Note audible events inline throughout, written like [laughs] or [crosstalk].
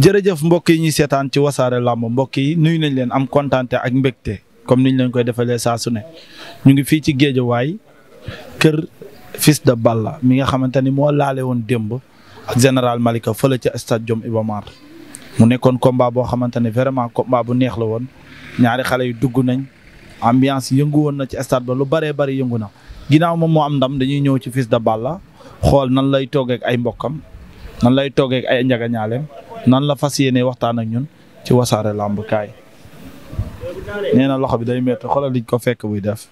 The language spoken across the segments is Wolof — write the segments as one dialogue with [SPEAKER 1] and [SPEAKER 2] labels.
[SPEAKER 1] jërëjëf mbokk yi ñuy seetaan ci wasaare làmb mbokk yi nuyu nañ leen am kontante ak mbégte comme niñ leen koy defalee saa su ne ñu ngi fii ci géejawaay kër Fils de Balla mi nga xamante ni moo laale woon démb ak général Malika fële ci stade Jom Iba mu nekkoon combat boo xamante ne vraiment combat bu neex la woon ñaari xale yi dugg nañ ambiance yëngu woon na ci stade ba lu bëree bëri yëngu na ginnaaw moom moo am ndam dañuy ñëw ci Fils de Balla xool nan lay toogee ay mbokkam nan lay toogee ay njagañaaleem nan la fas yéene waxtaan ak ñun ci wasaare làmb kaay nee na loxo bi day métti xoolal liñ ko fekk buy def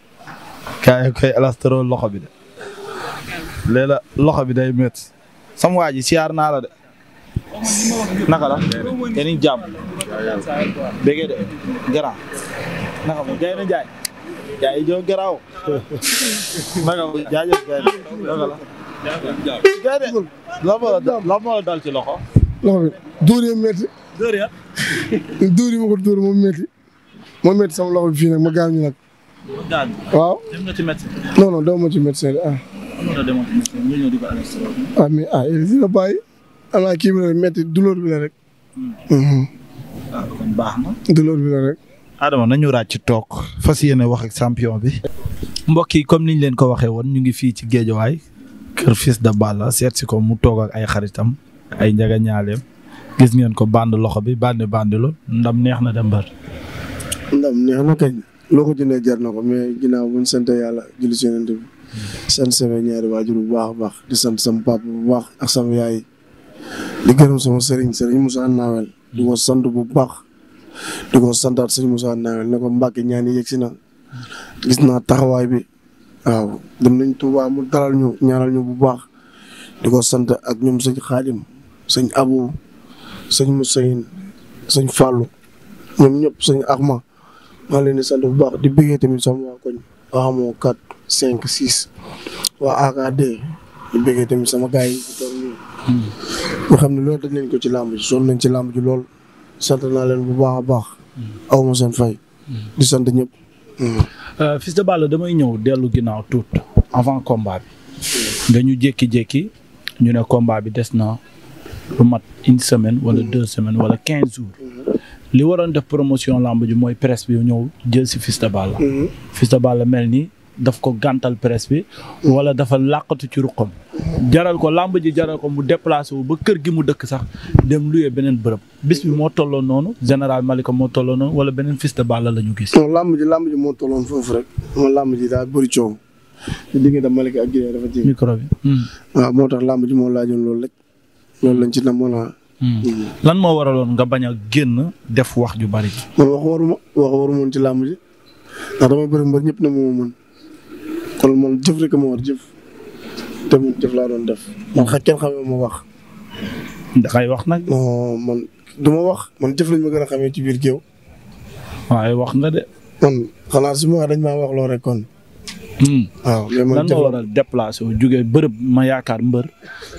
[SPEAKER 1] kaay koy alastero loxo bi de léeg loxo bi day métti sam waa ji siyaar naa la de naka la yéen jàmm de garaaw naka mu na jaay jaay joo garaaw naka mu jaajëf gaay naka la gaay de la moo la dal ci loxo
[SPEAKER 2] loxo bi dóor yi métti. dóor ya. [laughs] dóor yi ma ko dóor moom métti moo métti sama loxo bi fii nag ma gaañu nag.
[SPEAKER 1] waaw. dem
[SPEAKER 2] non non dama ci médecin de ah. ah, ah, bi la métti douleur bi la rek.
[SPEAKER 1] Hmm. Hmm. ah baax na. douleur bi la rek. toog fas yéene wax ak champion bi. mbokk yi comme niñ leen ko waxee woon ñu ngi fii ci géejawaay kër Fils de Balla seet si ko mu toog ak ay xaritam. ay njaga ñaaleem gis ngeen ko band loxo bi bandi bandilu ndam neex na dem bër
[SPEAKER 2] ndam neex na kañ loo ko jëndee jar na ko mais ginnaaw buñ sant yàlla julli ci yonent bi sant sama waajur bu baax a baax di sant sama papa bu baax ak sama yaay di gërëm sama sëriñ sëriñ Moussa Nawel di ko sant bu baax di ko santaat sëriñ Moussa Nawel ne ko Mbàkke ñaan yi yegsi na gis naa taxawaay bi waaw dem nañ Tuubaa mu dalal ñu ñaanal ñu bu baax di ko sant ak ñoom sëñ Xaadim sëñ Abu sëñ Moussaïn sëñ Fallou ñoom ñëpp sëñ Axma maa leen di sant bu baax di bëggee tamit sama waa koñ waaxamoo quatre tamit sama gars yi fi toog xam ne loolu dañ leen ko ci làmb ji nañ ci làmb ji lool sant naa leen bu baax a baax
[SPEAKER 1] aw ma seen fay di sant ñëpp euh, Fils damay ñëw dellu ginnaaw tuut avant combat bi dañu hmm. jékki-jékki ñu ne combat bi des na lu mat une semaine wala deux semaines wala quinze jours li waroon def promotion lamb ji mooy presse bi ñëw jël si Fils de Balla Fils mel ni daf ko gàntal presse bi wala dafa làqatu ci ruqam jaral ko lamb ji jaral ko mu déplacé wu ba kër gi mu dëkk sax dem luyee beneen bërëb bis bi moo tolloon noonu général Malika moo tolloon noonu wala beneen Fils de la ñu gis non lamb ji lamb ji
[SPEAKER 2] moo tolloon foofu rek moom lamb ji daa bëri coow diggante Malika ak Guèye dafa hmm. moo tax ji moo laajoon loolu rek loolu lañ ci namoon ah.
[SPEAKER 1] Hmm. Hmm. lan moo waraloon nga bañ a génn def wax ju bari.
[SPEAKER 2] man wax waruma wax waruma ci làmb ji
[SPEAKER 1] ndax dama bëri mbër ñëpp ne moom man
[SPEAKER 2] kon man jëf rek ma war jëf te man jëf laa doon def man xa kenn xamee wax. daxay wax nag. non man wax man jëf lañ ma gën a xamee ci biir géew.
[SPEAKER 1] waaye wax nga de. man xanaa su ma wax dañ maa wax loo rek kon. Hmm. waaw mais man lan waral déplacé wu jógee bërëb ma yaakaar mbër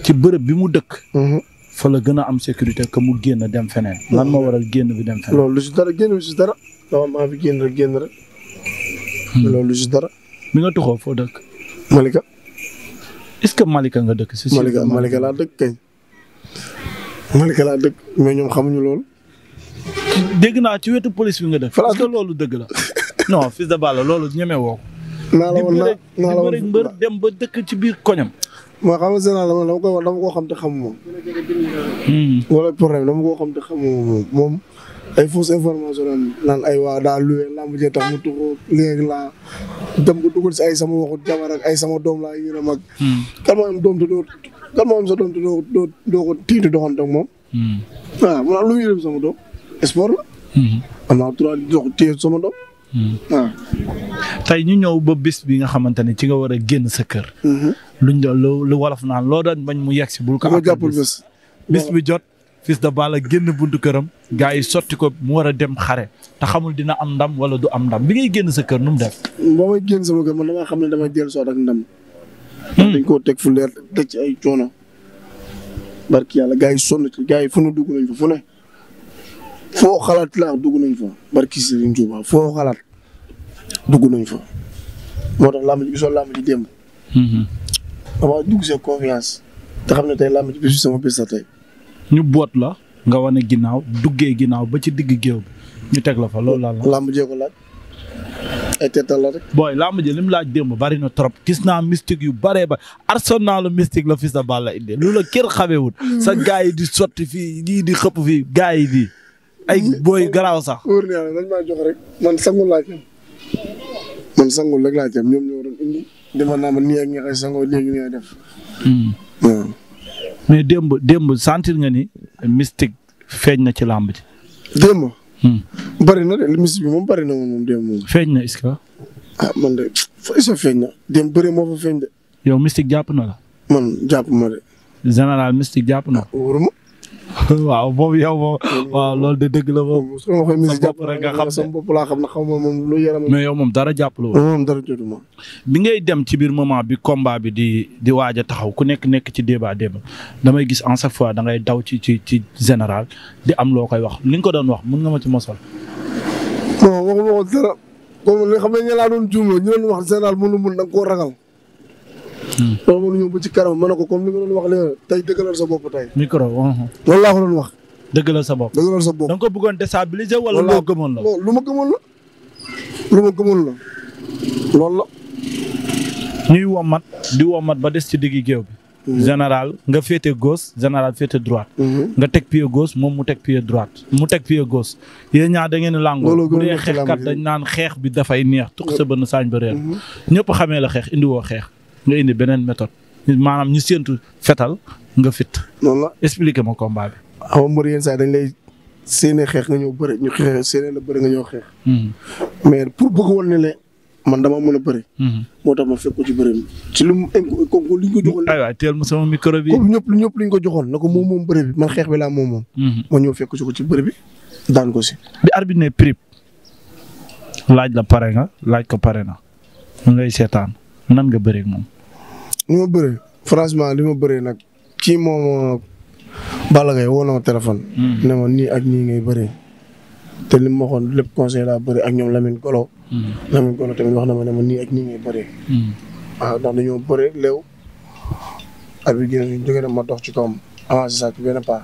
[SPEAKER 1] ci bërëb bi mu dëkk. Mhm. fa la gën a am sécurité que mu génn dem feneen. lan moo waral génn bi dem feneen. loolu lu si dara génn
[SPEAKER 2] si dara. non maa génn rek génn hmm. lu si dara.
[SPEAKER 1] mi nga tuxoo foo dëkk. Malika. est-ce que Malika nga dëkk. si Malika Malika laa dëkk kañ. Malika laa dëkk mais ñoom xamuñu loolu. dégg naa ci wetu police bi nga def. parce que loolu dëgg la. no fils de Balla loolu ñeme woo naa la woon naa dem ba dëkk ci biir koñam.
[SPEAKER 2] ma xam nga général dama ko xam te xamuma. Hmm. wala problème dama ko xam te xamuma moom moom ay fausse information la naan ay waa daa luwe lamb jee tax mu tuxu léegi laa ko dugal si ay sama waxu jabar ay sama doom laa yéene mag. Hmm. kan moo am doom te doo kan moo doom te doo doo doo ko tiitu doxante moom. Hmm. waaw mu sama doom sport la.
[SPEAKER 3] am
[SPEAKER 1] naa trois dox téye sama doom. Hmm. tey ñu ñëw ba bis bi nga xamante ne ci nga war a génn sa kër. Mhm. luñ doon lu wolof naan loo daan mbañ mu yegg si bul ko. jàppul bis bis bi jot. Fils de Balla génn buntu këram. gars yi sotti ko mu war a dem xare. te xamul dina am ndam wala du am ndam bi ngay génn sa kër nu mu def.
[SPEAKER 2] ba may génn sama kër man da xam ne damay dellu soot ak ndam. Hmm. dañ koo teg fu leer teg ci ay coono. barki yàlla gaa yi sonn ci gaa yi fu nu dugg nañ fa fu ne. foo xalaat laa dugg nañ fa barki Serigne Touba foo xalaat dugg nañ fa moo tax làmb ji gisoo làmb ji démb. Mhm. dama dugg see confiance te xam ne tey làmb ji bisu sama bés
[SPEAKER 1] la tey. ñu boot la nga wane ginnaaw duggee ginnaaw ba ci digg géew bi ñu teg la fa loolu la la. làmb ko laaj la rek. booy làmb ji lim laaj démb bari na trop gis naa mystique yu baree ba arsenalu mystique la fi sa bàlla indi lu la kër xamewut mm. sa gaay yi di sotti fii lii di xëpp fii gaay yi di. ay booy garaaw sax.
[SPEAKER 2] wóor na yàlla dañ maa jox rek man sangul laa ci am man sangul rek laa ci am ñoom ñoo doon indi dama naa ma nii ak ñax ay sangoo nii ak ñax def.
[SPEAKER 1] Hmm. mais démb démb sentir nga ni mystique feeñ na ci làmb ji. démb. Hmm. bari
[SPEAKER 2] na de mystique bi moom bari na moom démb moom. feeñ na est-ce que. ah man de fooy sa feeñ na
[SPEAKER 1] démb bëri moo fa feeñ de. yow mystique jàpp na la. man jàpp ma de. général mystique jàpp na. Ah, wóoruma. [laughs] waaw moom yow moom loolu de dëgg la moom. su ma waxee musique jàpp rek
[SPEAKER 2] nga xam ne sama bopp laa xam ne xaw ma moom lu yaram. mais yow
[SPEAKER 1] moom dara jàpp la woon. moom dara bi ngay dem ci biir moment bi combat bi di di waaj a taxaw ku nekk nekk ci débat débat damay gis en chaque fois da ngay daw ci ci ci général di am loo koy wax li nga ko doon wax mun nga ma ci mosal.
[SPEAKER 2] non waxuma ko dara comme li xam ne ñu laa doon juumloo ñu doon wax général mënu mën da nga koo ragal. loolu moo ñëw ba ci kanam ma ne ko comme li nga doon wax léegi tey dëggalal sa bopp tey.
[SPEAKER 1] micro. Uh-huh. loolu laa ko doon wax. sa bopp dëggalal sa bopp. da ko bëggoon déstabiliser wala loo gëmoon la.
[SPEAKER 2] lu ma gëmoon la
[SPEAKER 1] loolu la. ñuy womat di womat ba des ci diggi géew bi. Mm-hmm. général nga féete gauche général féete droite. Mm-hmm. nga teg pied gauche moom mu teg pied droite mu teg pied gauche. yéen ñaar da ngeen di dee xeexkat dañ naan xeex bi dafay neex. tux sa bënn saañ ba réer. Mm-hmm. ñëpp xamee la xeex indiwoo xeex. nga indi beneen méthode maanaam ñu séentu fetal nga fit. noonu la expliqué ma combat bi.
[SPEAKER 2] xaw ma mbër yenn saa dañ lay séenee xeex nga ñëw bëri ñu xeex la bëri nga ñëw xeex. Hmm. ma pour bëgg woon ne la man dama mën a bëri. Hmm. moo tax ma fekk
[SPEAKER 1] ci bëri mi. ci lu mu comme li ñu ko joxoon. aywa teel ma ñëpp
[SPEAKER 2] ñëpp ko joxoon na ko moom moom bëri bi man xeex bi laa moom moom. Hmm. ma ñëw fekk ko ci bëri bi daan ko si. bi arbitre ne prip
[SPEAKER 1] laaj la pare nga laaj ko pare na. mu ngay seetaan nan nga bëri moom.
[SPEAKER 2] li ma bëree franchement li ma bëree nag kii moom Balla Gaye woo na ma téléphone. Hmm. ne ma nii ak nii ngay bëree. te li ma waxoon lépp conseil laa bëri ak ñoom Lamine Golo. Hmm. Lamine Golo tamit wax na ma ne ma nii ak nii ngay bëree. waaw hmm. ah, ndax dañoo bëree léew. at bi gën ma dox ci kawam avancé sax ci benn pas.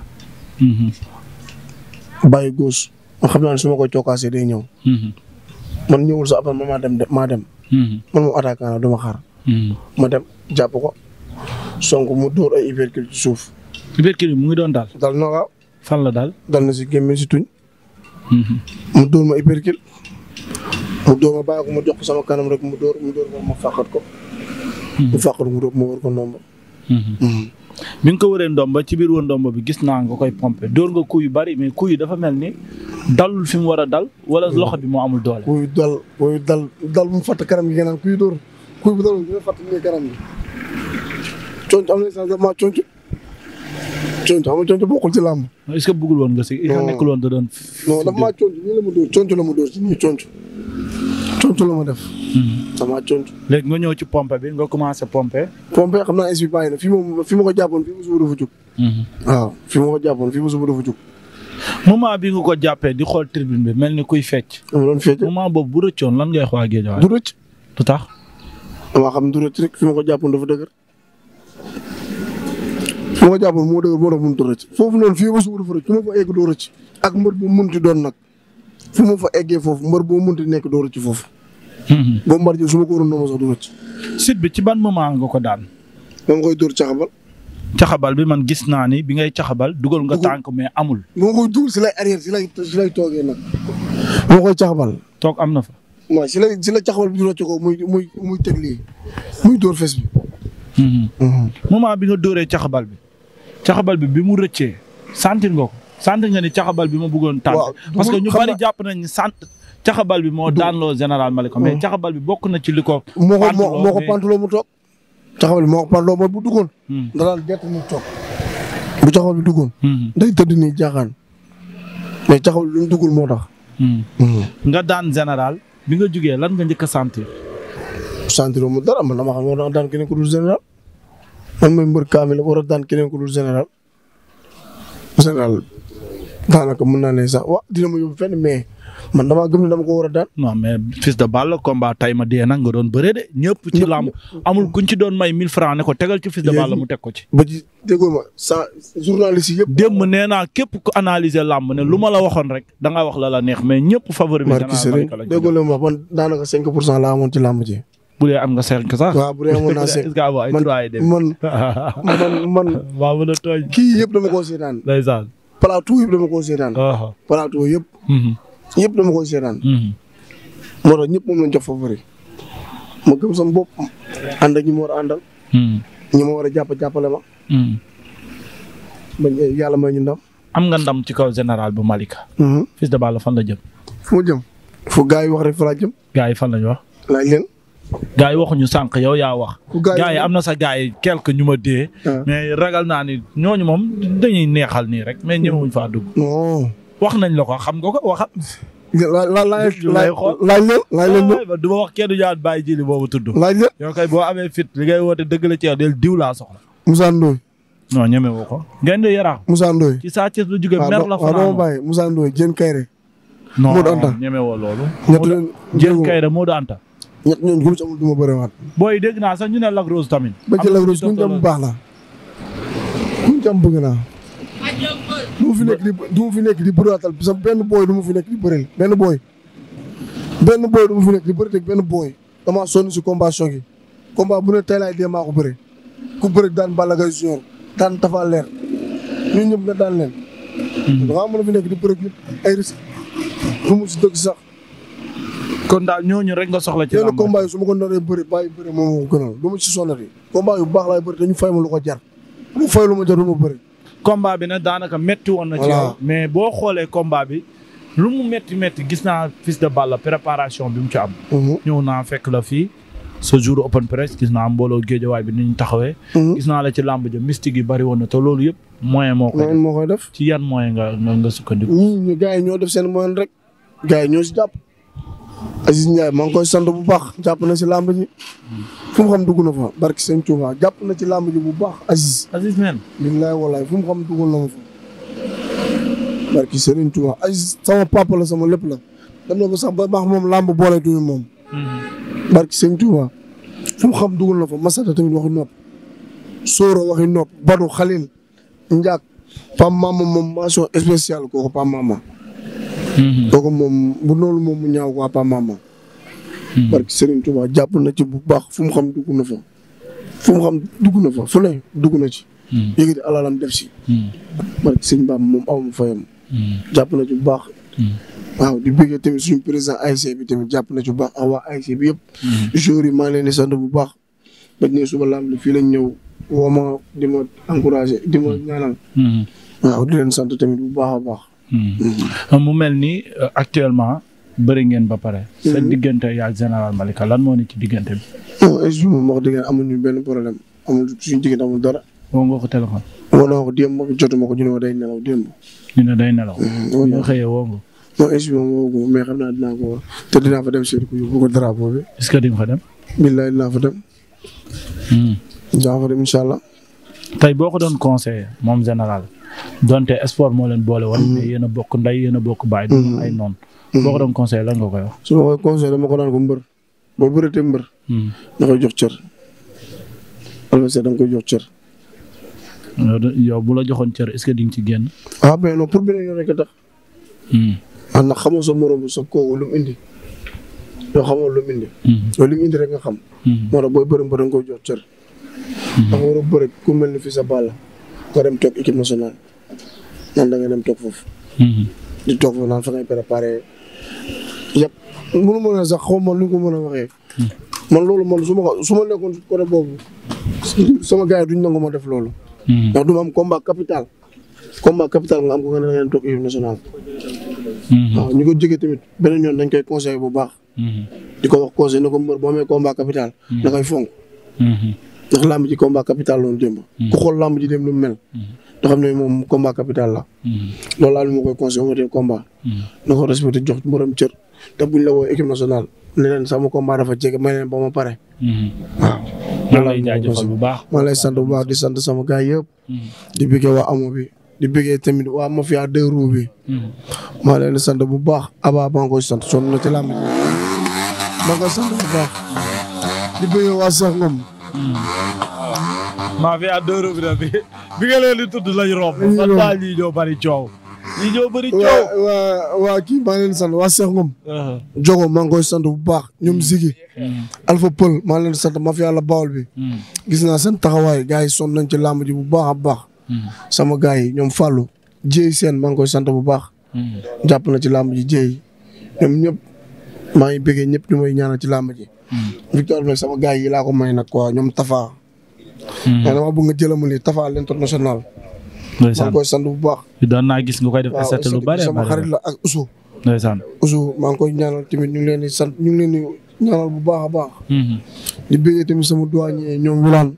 [SPEAKER 2] bàyyi góos ma xam naa ne su ma ko cookaasee day ñëw. man ñëwul sax après ma maa dem maa dem. man moom attaquant la du ma xaar. Mm. ma dem jàpp ko song mu dóor ay hypercule ci suuf. hypercule mu ngi doon daal. dal na waaw. fan la daal. dal na si gémme si tuñ. Mm-hmm. mu dóor ma hypercule. mu dóor ma bàyyi ko ma jox sama kanam rek mu dóor mu dóor ko. Mm-hmm.
[SPEAKER 1] mu fàqat ko ndomba. Mm-hmm. bi nga ko ci biir wër ndomba bi gis naa nga koy pomper dóor nga coup bari mais coup yi dafa mel ni dalul fi mu war a dal. wala loxo bi moo amul
[SPEAKER 2] doole. kuy dal kuy dal dal mu fàtt kanam gi nga naan dóor. kuy bu doon dina fàttali ne garam gi coonc am na changement coonc
[SPEAKER 1] coonc xam nga coonc woon nga si. non nekkul woon doon. non
[SPEAKER 2] dafa maa la ma dóor coonc la ma dóor si nii coonc. la ma def. Hmm. damaa coonc.
[SPEAKER 1] léegi nga ñëw ci pompe
[SPEAKER 2] nga commencé pompe. pompe xam naa insuffisance yi mu suba
[SPEAKER 1] hmm. bi nga ko jàppee di xool tribune bi mel ni kuy fecc. mu doon fecc moment boobu bu rëccoon lan ngay xool géej waaye. du tax. damaa xam
[SPEAKER 2] durati fi ma ko jàppoon dafa dëgër
[SPEAKER 1] fi ma ko jàppoon moo dëgër moo tax
[SPEAKER 2] mënut a foofu noonu fii ba suba dafa rëcc fu ma fa egg doon nag fu ma fa eggee foofu mbër boo munti nekk doo rëcc foofu. Mhm. boo mbar ji su ma ko waroon sit
[SPEAKER 1] bi ci ban moment nga ko daan. dama koy dóor caxabal. caxabal bi man gis naa ni bi ngay caxabal dugal nga tànk mais amul. bu ma koy dugal si lay arrière toogee nag. bu koy caxabal. toog am na fa.
[SPEAKER 2] mooy si la si la caxawal bi di rocc ko muy muy muy teg lii
[SPEAKER 1] muy dóor fes bi. Mm-hmm. Mm-hmm. bi nga dóoree caxabal bi caxabal bi bi mu rëccee sentir nga ko sentir nga ni caxabal bi ma buggoon tànn. parce que ñu bari jàpp nañ ni sant caxabal bi moo daanloo général Malika. mais mm. caxabal bi bokk na ci li ko. moo ko moo ko pantaloo
[SPEAKER 2] mu toog. caxabal bi moo ko pantaloo mooy bu duggoon. da mm. daan jett mu toog. bu caxabal bi duggoon. Mm-hmm. day tëdd nii jaaxaan mais caxabal bi lu mu duggul moo tax. Mm.
[SPEAKER 1] nga daan général. bi nga jugee lan nga njëkk a sentir.
[SPEAKER 2] sentir mu dara man dama xam war naa daan keneen ku dul général man mooy mbër kaamil la war a daan keneen ku dul général général daanaka mën naa ne sax wa dina ma yóbbu fenn mais. man
[SPEAKER 1] damaa gëm dama ko war a daan. non mais fils de balle combat tay ma dee nag nga doon bëree de. ñëpp ci làmb amul kuñ ci doon may 1000 francs ne ko tegal ci fils de balle mu teg ko ci. ba ji déggoo ma sa journaliste naa képp ku analyser làmb ne lu ma la waxoon rek da ngaa wax la la neex mais ñëpp favori bi.
[SPEAKER 2] déggoo la ma wax man daanaka 5 pour cent laa amoon ci làmb ji.
[SPEAKER 1] bu dee am nga cinq sax. waaw bu la [laughs] [laughs] tooñ. dama
[SPEAKER 2] ko seetaan. ndeysaan. plateau yëpp yëpp dama koy seetaan. Mhm. moo tax ñëpp moom lañ jox favori ma gëm sama bopp ànd ak ñi àndal. Mhm. ñi ma war a jàpp jàppale ma. Mhm. bañ
[SPEAKER 1] yàlla may ñu ndam. am nga ndam ci kaw général bu Malika. Fils de Balla fan la jëm. fu mu yi wax rek fa jëm. gaa fan lañu wax. laaj yi waxuñu sànq yow yaa wax. gaa yi am na sax gaa yi quelque ñu ma dee. Ah. mais ragal naa ni ñooñu moom dañuy neexal nii rek mais ñëwuñ faa dugg. wax nañ la ko xam nga ko waxat. la la laaj laaj leen laaj du ma wax kenn ñaan bàyyi jili boobu tudd. laaj leen yow kay boo amee fit li ngay woote dëgg la ci yow del diw laa soxla. Moussa Ndoye. non ñeme woo ko. ngeen di yara. Moussa ci saa Thiès lu jóge ah, mer la. waaw ah, dama
[SPEAKER 2] bàyyi Moussa Ndoye Diène Kairé. Modou Anta non
[SPEAKER 1] ñeme woo loolu. ñett leen Diène Kairé Modou Anta.
[SPEAKER 2] ñett ñooñu ku mu ci amul du ma bëre waat.
[SPEAKER 1] booy dégg naa sax ñu ne Lac roos tamit. ba ci Lac Rose baax
[SPEAKER 2] la du ma fi nekk di du ma fi nekk di bëriwaatal sa benn booy du ma fi nekk di bëril benn booy. benn booy du ma fi nekk di bëri teg benn booy damaa sonn si combat choc yi combat bu ne tey laay dee maa ko bëri ku bëri daan Balla Gaye Junior daan Tapha Leer ñun ñëpp nga daan leen. Hmm. damaa mën a fi nekk di bëri ay risques du mu si dëgg sax.
[SPEAKER 1] kon daal ñooñu rek nga soxla ci. yenn combat
[SPEAKER 2] yi su ma ko naree bëri bàyyi bëri moom moo gënal du ma si sonnati. combat yu baax laay bëri dañu fay ma lu ko jar mu fay lu ma jar du ma bëri.
[SPEAKER 1] combat bi nag daanaka métti woon na. ci yow mais boo xoolee combat bi. lu mu metti métti gis naa Fils de Balla préparation bi mu ci am. Mhm. ñëw naa fekk la fii. ce jour open press gis naa mbooloo géejawaay bi nu ñu taxawee. Mhm. gis naa la ci làmb ja mystique yi bari woon na te loolu yëpp moyen moo koy. moo def ci yan moyen nga nga sukkandiku.
[SPEAKER 2] ñii ñu gars yi ñoo def seen moyen rek. gars yi ñoo si jàpp. Aziz Ndiaye maa ngi koy sant bu baax jàpp na si làmb ji fu mu xam dugg na fa barki sëñ Touba jàpp na ci làmb ji bu baax Aziz. Aziz men fu mu xam dugg na ma fa barki sëriñ Touba Aziz sama papa la sama lépp la dem na ko sax ba baax moom làmb boole tuuti moom. Mm-hmm. barki sëñ Touba fu mu xam dugg na fa Masada tamit waxi nopp Soro waxi nopp Badou Khalil Ndiak Pam Mama moom mention spéciale kooku Pam Mama. Mm-hmm. kooku moom bu loolu moom mu ñaaw ko waa Pam Mama. parce mm-hmm. que Serigne jàpp na ci bu baax fu mu xam dugg na fa. fu mu dugg na fa fu ne dugg na ci. Mm-hmm. yëkkati alalam def si. parce que Serigne Bamba moom aw ma fayam. jàpp na ci bu baax. waaw di bëggee tamit suñu président ASC bi tamit jàpp na ci bu baax ak ah waa ASC bi yëpp. jour yi maa ngi leen di sant bu baax. ba ne suba laam lu fii lañ ñëw woo ma di ma encouragé di ma ñaanal. waaw di leen sant tamit bu baax a baax.
[SPEAKER 1] Hmm. mu mel ni euh, actuellement bëri ngeen ba pare. Hmm. sa diggante yaa général Malika lan moo ne ci diggante bi. non je moom wax
[SPEAKER 2] dëgg amuñu benn problème diggante amul dara.
[SPEAKER 1] woo nga ko téléphone. woo naa ko démb jotuma ko
[SPEAKER 2] ñu day nelaw démb.
[SPEAKER 1] ñu hmm, woo nga xëyee woo nga.
[SPEAKER 2] non est ce que mais xam naa dinaa ko woo te dinaa fa dem seeti ko yóbbu ko drapeau bi.
[SPEAKER 1] est ce que di nga fa dem. billaay dinaa fa dem. dinaa fa dem incha allah. tey boo ko doon conseillé moom général. donte sport moo leen boole woon. mais mm-hmm. yéen a bokk ndey yéen a bokk baay. du mm-hmm. ay noonu. Mm-hmm. boo ko doon conseil lan nga koy wax.
[SPEAKER 2] su ma koy conseil dama ko naan ko mbër boo bëreetee mbër. da koy jox cër. adversaire da
[SPEAKER 1] bu la joxoon ce que
[SPEAKER 2] ci génn. ah mais non pour beneen yoon a ah, ndax xamoo sa morom sa ko lu mu indi. yoo xamoo lu mu indi. loolu li mu indi rek nga xam. moo tax booy bëri nga koy jox cër. da nga war a bëri ku mel ni fii sa bàll nga dem toog équipe nationale. naan danga nga dem toog foofu. Mm-hmm. di toog foofu naan fa ngay préparé yëpp mënu ma ne sax xaw ma lu ko mën a waxee. Mm-hmm. man loolu man su ma ko su ma nekkoon boobu sama gars yi duñ nangu ma def loolu. Mm-hmm. ndax du am combat capital. combat capital nga ko nga ne ñu ko jógee tamit beneen yoon dañ koy conseillé bu baax. di ko wax conseil na ko mbër boo amee combat capital. da koy fonk. ndax làmb ji combat capital loon jëm. Hmm. ku xool làmb ji dem lu mel. Hmm. te xam ne moom combat capital la. Hmm. loolu laa moo koy conseillé combat. na ko respecté jox borom cër. te buñ la woo équipe nationale ne leen sama combat ba ma pare. waaw. maa lay jaajëfal bu baax maa lay sant bu baax di sant sama gars yëpp. di bëggee waa amo bi. di bëggee tamit waa mafia deux roues bi. maa leen sant bu baax Aba maa ngi koy sant sonn na ci làmb ji. maa ngi koy sant bu baax. di bëggee waa Sax Ngom
[SPEAKER 1] mafia deux robinet bi bi nga leen di tudd lañ romb. fan
[SPEAKER 2] laa ñuy ñoo bëri coow. ñi ñoo bëri coow waaw kii maa leen sant waa Cheikh Ngom. Jogo maa ngi koy sant bu baax ñoom Ziggy. Alpha Pël maa leen sant mafia la Bawol bi. gis naa seen taxawaay gars yi sonn nañ ci làmb ji bu baax a baax. Mm. sama gars yi ñoom Fallou. Jéy seen maa ngi koy sant bu baax. Mm. jàpp na ci làmb ji Jéy ñoom ñëpp maa ngi bëggee ñëpp ñu ñaanal ci làmb ji. victoire sama gars yi laa ko may nag quoi ñoom Tafa. mais hmm. dama bëgg nga jëlal ma lii Tafa l'international. ndeysaan maa ngi koy sant bu baax.
[SPEAKER 1] doon naa gis nga koy def SRT lu bari sama xarit la ak Ousou. ndeysaan
[SPEAKER 2] Ousou maa ngi koy ñaanal tamit ñu ngi leen di sant ñu ngi leen di bu baax a baax.
[SPEAKER 3] Hmm.
[SPEAKER 1] di bëggee tamit sama
[SPEAKER 2] ñoom Wilane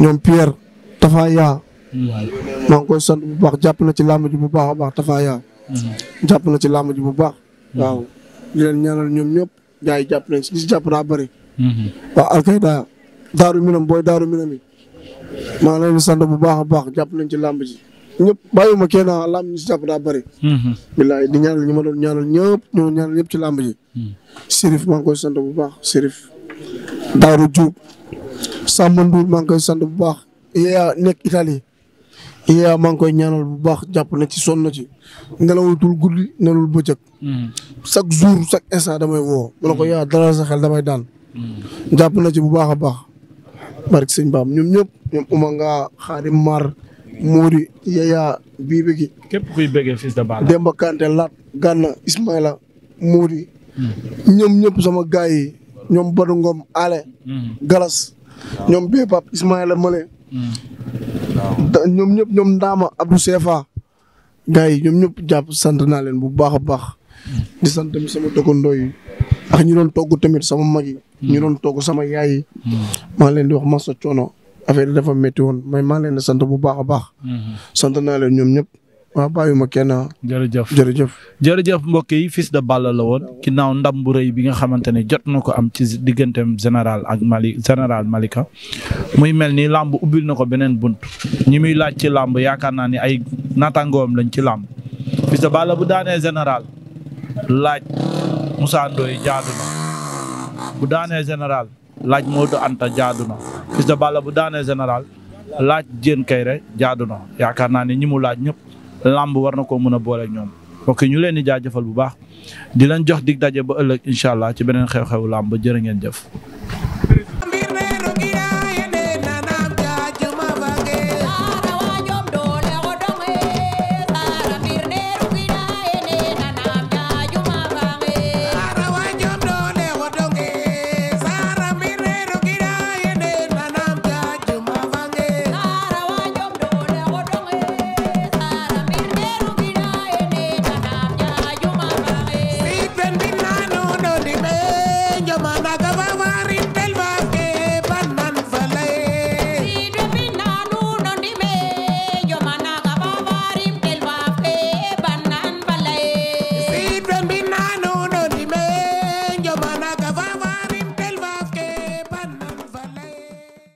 [SPEAKER 2] ñoom Pierre Tafa yaa. Hmm. maa ngi koy sant bu baax jàpp na ci làmb ji bu baax a baax Tafa yaa. jàpp na ci làmb ji bu baax waaw. di leen ñaanal ñoom ñëpp gars yi jàpp nañ si si daa bëri. Mhm. waaw alkayda daaru minam booy daaru minam yi maa leen sant bu baax a baax jàpp nañ ci làmb ji ñëpp bàyyiwuma kenn ah làmb ñi si jàpp daa bëri. Mhm. billaay di ñaanal ñi ma doon ñaanal ñëpp ñoo ñaanal ñëpp ci làmb ji. Mhm. Sérif maa ngi koy sant bu baax Sérif. Daaru Diouf Samba maa ngi koy sant bu baax. yaa nekk Italie yaa maa ngi koy ñaanal bu baax jàpp na ci son na ci nelawatul guddi nelawul bëccëg. Mm-hmm. chaque jour chaque instant damay woo. bu a ko yaa dalal sa xel damay daan. Mm-hmm. jàpp na ci bu baax a baax. barke sëñ Baam ñoom ñëpp ñoom Ouma nga Xaadim Mar Mouri Yaya bii bi képp kuy bëggee fils de Balla. Demba Kanté Lat mm-hmm. sama gaay yi ñoom Badou Ngom Ale. Galas ñoom Bébap Ismaïla Male. ñoom ñëpp ñoom Ndaama Abdou Sefa gars yi ñoom ñëpp jàpp sant naa leen bu baax a baax. di sant tamit sama dëkkandoo yi ak ñi doon togg tamit sama mag yi. ñi doon togg sama yaay yi. maa leen di wax masa coono affaire dafa métti woon mais maa leen di sant bu baax a baax. Mm-hmm. sant naa leen ñoom ñëpp. waaw bàyyuma kenn jërëjëf jërëjëf
[SPEAKER 1] jërëjëf mbokk yi Fils de Balla la woon ginnaaw ndam bu rëy bi nga xamante ne jot na ko am ci digganteem général ak Mali général Malika muy mel ni làmb ubbil na ko beneen bunt ñi muy laaj ci làmb yaakaar naa ni ay naataangoom lañ ci làmb Fils de Balla bu daanee général laaj Moussa jaad jaadu bu daanee général laaj Modou Anta jaadu na Fils de Balla bu daanee général laaj Diène Kairé jaadu na yaakaar naa ne ñi mu laaj ñëpp làmb war na koo mën a booleeg ñoom ok ñu leen di jaajëfal bu baax di leen jox dig daje ba ëllëg incha allah ci beneen xew-xewu làmb jërë ngeen jëf.